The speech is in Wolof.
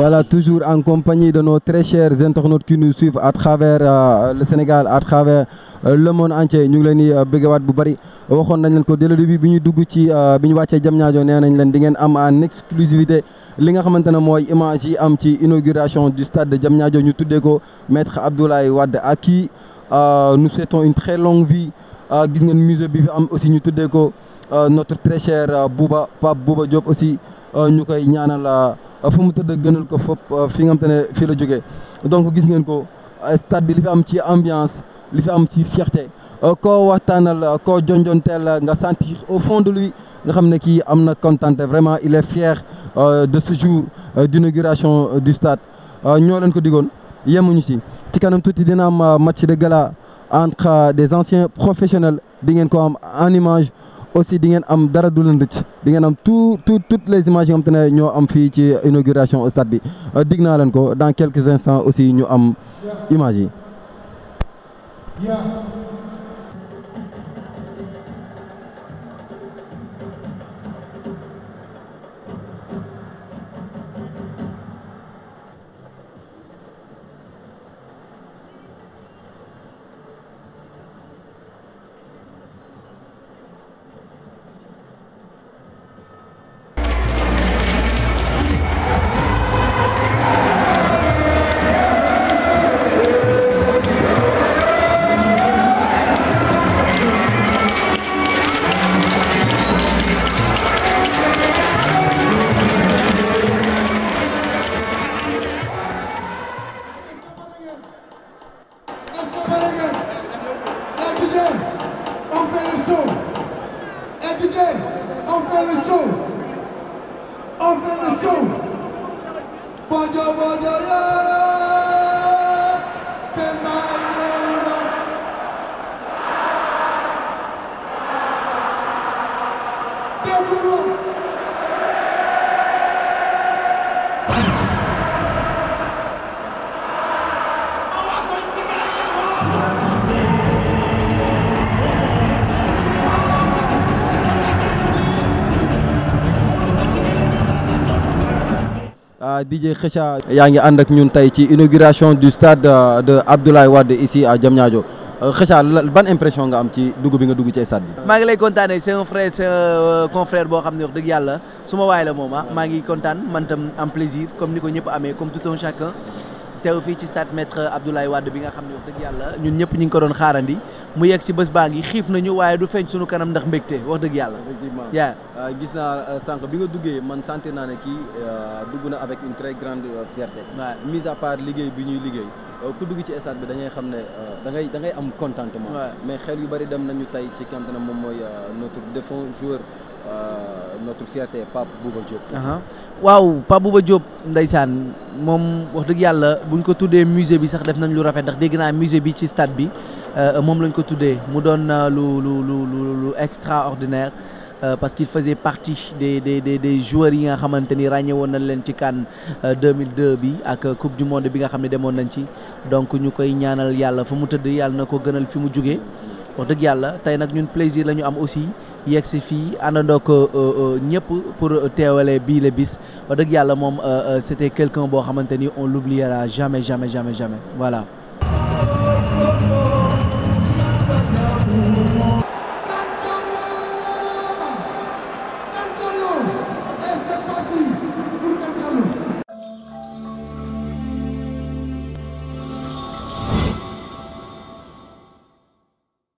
Voilà, toujours en compagnie de nos très chers internautes qui nous suivent à travers euh, le Sénégal, à travers euh, le monde entier. Nous avons dit que nous avons dit dès le début, nous avons dit que nous avons dit que nous en exclusivité. Li nga xamante ne mooy image yi am ci inauguration du stade de Diamniadio ñu tuddee ko maître Abdoulaye Wade à qui euh, nous souhaitons une très longue vie euh, gis ngeen musée bi fi am aussi ñu tuddee ko euh, notre très cher Bouba Pape Bouba Diop aussi ñu koy ñaanal fu mu tëdd gënal ko fop euh, fi nga xam fi la jógee donc gis ngeen ko stade bi li fi am ci ambiance li fi am ci fierté euh, ko waxtanal euh, ko jonjonteel nga sentir au fond de lui nga xamné ki amna contenté vraiment il est fier de ce jour d'inauguration du stade ñoo leen ko digon yemuñu ci ci kanam tuuti dina am match de gala entre des anciens professionnels di ngeen ko am en image aussi di ngeen am dara du leen rëcc di ngeen am tout tout toutes les images yoo te ne ñoo am fii ci inauguration stade bi euh, dig naa leen ko dans quelques instants aussi ñu am image yi. sul! É de quem? Alfeno Sul! Alfeno Sul! Bodio, bodio, Semana! Deu DJ Khecha yaa ngi ànd ak ñun tay ci inauguration du stade euh, de Abdoulaye Wade ici à Diamniadio euh, Khecha ban impression nga am ci dugg bi nga dugg ci stade bi. Ma ngi lay contane, c'est un frère c'est un euh, confrère bo xamni wax deug Yalla. Suma way la moma, ah, ma ngi contane, man tam am plaisir comme niko ñep amé comme tout un chacun. teew fii ci stade Maître Abdoulaye Wade bi nga xam ne wax dëgg yàlla ñun ñëpp ñu ngi ko doon xaarandi mu yegg si bés baa ngi xiif nañu waaye du feeñ suñu kanam ndax mbégte wax dëgg yàlla. effectivement yaa ah, gis naa euh, sànq bi nga duggee man sentir naa ne kii euh, dugg na avec une très grande euh, fierté. waaw mise à part liggéey bi ñuy liggéey. ku dugg ci stade bi dañuy xam ne dangay ngay am contentement. mais xel yu bari dem nañu tey ci kante ne moom mooy notre défunt joueur. Euh, notre fierté Pape Bouba Diop. waaw Pape Bouba Diop ndeysaan mom wax deug yalla buñ ko tuddé musée bi sax def nañ lu rafet ndax dégg naa musée bi ci stade bi euh, mom lañ ko tuddé mu doon euh, lu lu lu lu extraordinaire. Euh, parce qu'il faisait partie des des des des joueurs yi nga xamante ni won nañ leen ci CAN 2002 euh, bi ak Coupe du Monde bi nga xamné ne nañ ci donc ñukoy ñaanal yalla fu mu tudd yalla nako gënal fi mu jugee wax dëgg yàlla tey nag ñun plaisir la ñu am aussi yegg si fii àndandoog euh, euh, ñëpp pour euh, teewale bii la bis wax dëgg yàlla moom c'était quelqu'un boo xamante ni on l'oubliera jamais jamais jamais jamais voilà. parti